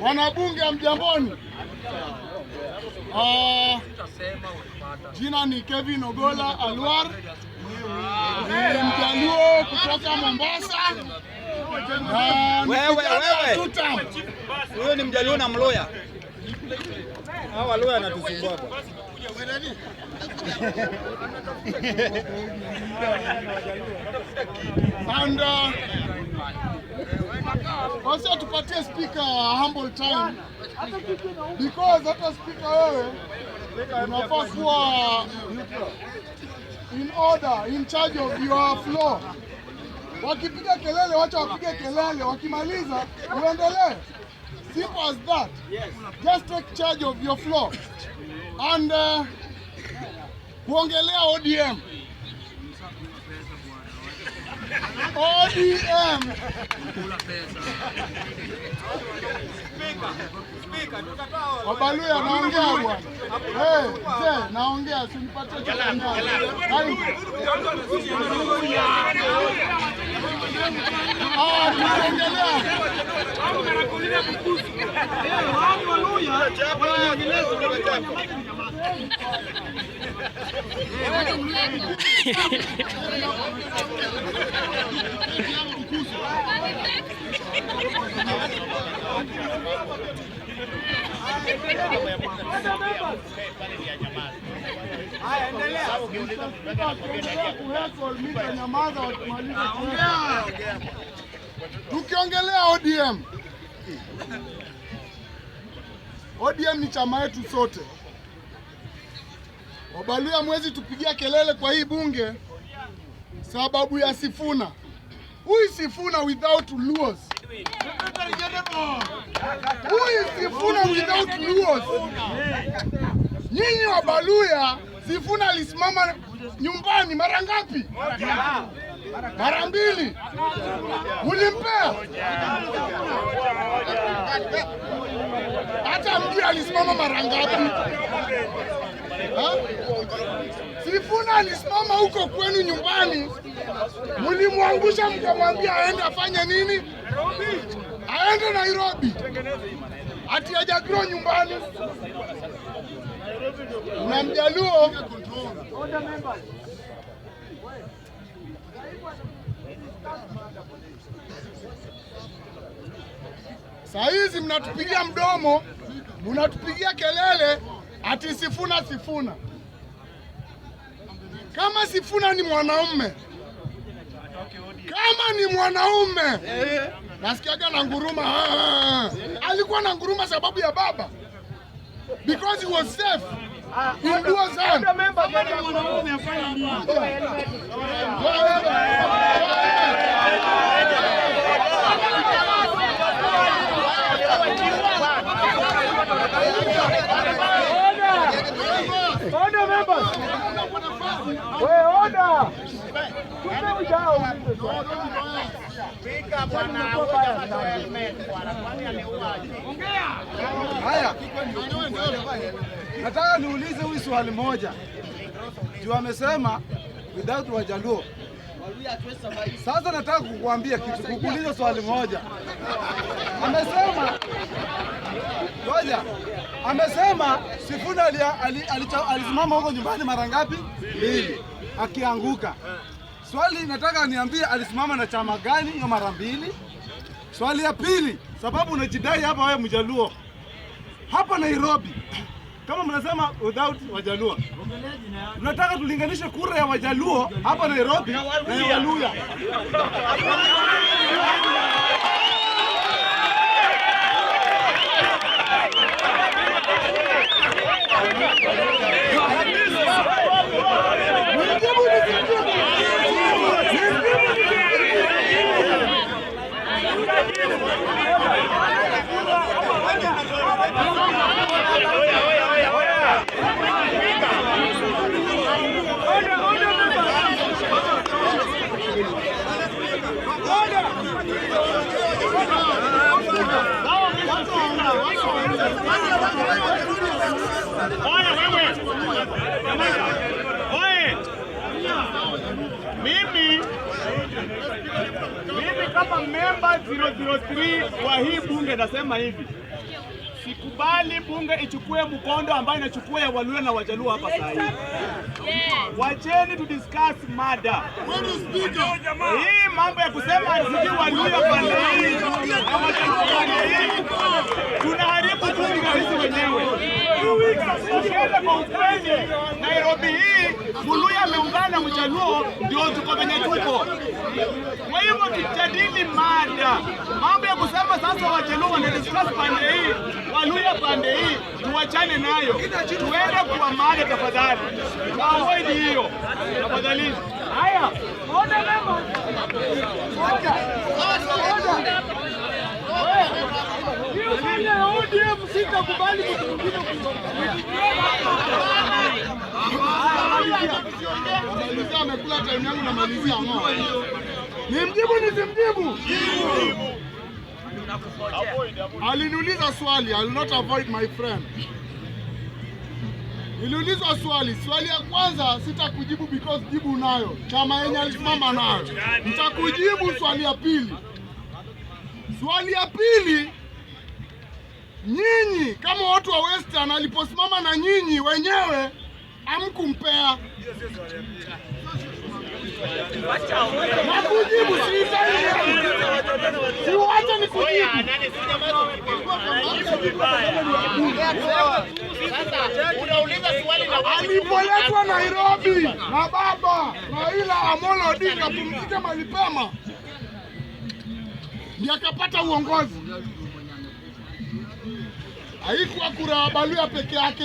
Wanabunge mjamboni Uh, jina ni Kevin Ogola Alwar, ni mjaluo kutoka Mombasa. Ah, wewe wewe, huyo ni mjaluo na mloya hawa lugha yanatusumbua bwana. And uh, wasia tupatie speaker humble time because hata speaker wewe unafaa kuwa in order in charge of your floor. Wakipiga kelele, wacha wapige kelele, wakimaliza uendelee. Simple as that. Yes. Just take charge of your floor. And uh, kuongelea ODM. ODM. Wabaluya naongea bwana. naongea simpate chakula. Endelea kuhecol mita nyamaza wakimaliza. Tukiongelea ODM, ODM ni chama yetu sote. Wabaluya, mwezi tupigia kelele kwa hii bunge sababu ya Sifuna. Who Sifuna without Luos? Who Sifuna without Luos? Nyinyi Wabaluya, Sifuna alisimama nyumbani mara ngapi? mara mbili ulimpea hata mji alisimama mara ngapi? Sifuna alisimama huko kwenu nyumbani, mlimwangusha mkamwambia aende afanye nini? Aende Nairobi, ati hajagro nyumbani na mjaluo Saa hizi mnatupigia mdomo, mnatupigia kelele ati Sifuna Sifuna. Kama Sifuna ni mwanaume, kama ni mwanaume, nasikiaga na nguruma. Alikuwa na nguruma sababu ya baba, because he was safe Haya, nataka niulize huyu swali moja juu amesema without Wajaluo. Sasa nataka kukuambia kitu, kukuuliza swali moja. Amesema Ngoja. Amesema Sifuna alisimama huko nyumbani mara ngapi? Mbili. Akianguka. Swali nataka niambie alisimama na chama gani hiyo mara mbili? Swali ya pili, sababu unajidai hapa wewe mjaluo. Hapa Nairobi kama mnasema without Wajaluo, nataka tulinganishe kura ya Wajaluo hapa Nairobi na ya Waluya. 003 wa hii bunge nasema hivi, sikubali bunge ichukue mkondo ambayo inachukua ya Waluya na Wajaluo hapa sasa hivi wacheni tu discuss mada hii. Mambo ya kusema sijui walio pande hii tunaharibu sisi wenyewe. Ukienda kwa upende Nairobi hii, Muluya ameungana na Mjaluo, ndio tuko venye tuko. Kwa hivyo tujadili mada, mambo ya kusema sasa. Wajaluo wana discuss pande hii, Waluya pande hii, tuwachane nayo, tuende kwa mada tafadhali hiyo tafadhali. Haya, ODM sitakubali mtu mwingine amekula time yangu, namalizia nimjibu nisimjibu? Aliniuliza swali, I not avoid my friend. Niliulizwa swali, swali ya kwanza sitakujibu because jibu nayo chama yenye alisimama nayo. Nitakujibu swali ya pili. Swali ya pili, nyinyi kama watu wa Western aliposimama na nyinyi wenyewe amkumpea Nakujibu, siuache nikujibu. Alipoletwa Nairobi na baba Raila Amolo Odinga, pumzike malipema, ndio akapata uongozi. Haikuwa kura ya Baluya peke yake.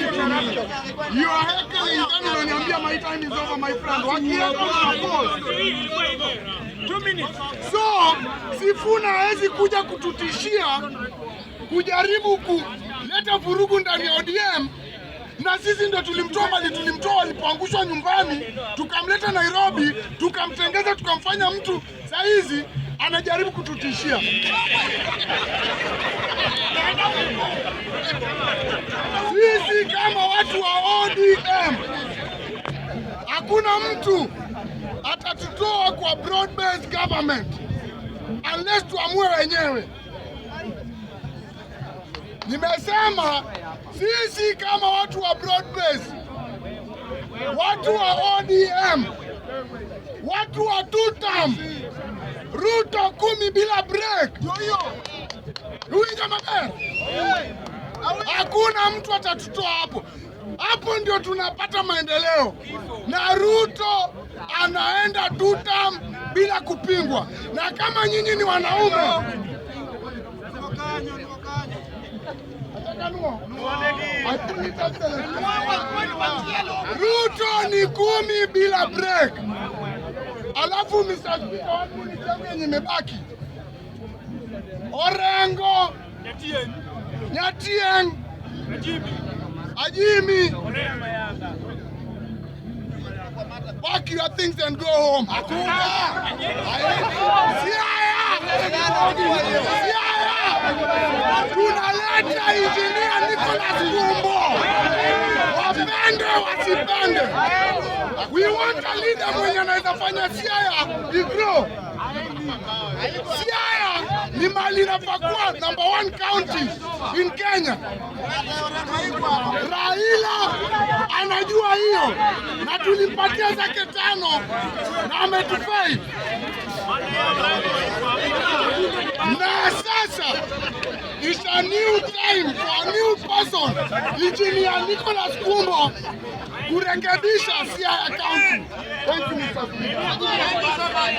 So, Sifuna hawezi kuja kututishia kujaribu kuleta vurugu ndani ya ODM na sisi ndo tulimtoa mali, tulimtoa alipoangushwa nyumbani, tukamleta Nairobi, tukamtengeza, tukamfanya mtu saa hizi anajaribu kututishia. Sisi kama watu wa ODM, hakuna mtu atatutoa kwa broad based government unless tuamue wenyewe. Nimesema sisi kama watu wa broad based, watu wa ODM, watu wa tutam Ruto kumi bila break, ndio hiyo Hakuna mtu atatutoa hapo, hapo ndio tunapata maendeleo. Na Ruto anaenda tutam bila kupingwa, na kama nyinyi ni wanaume Ruto ni kumi bila break, alafu misa damu yenye imebaki Orengo, nyatien Ajimi pack your things and go home. Tunaleta injinia Nicholas Gumbo, wapende wasipende. We want a leader mwenye anaweza fanya Siaya grow. Siaya ni mali inapakua number one county in Kenya. Raila anajua hiyo na tulimpatia zake tano na ametufai na sasa It's a new time for a new person ya Nicholas Kumbo kurekebisha Siaya County. Thank you, Mr.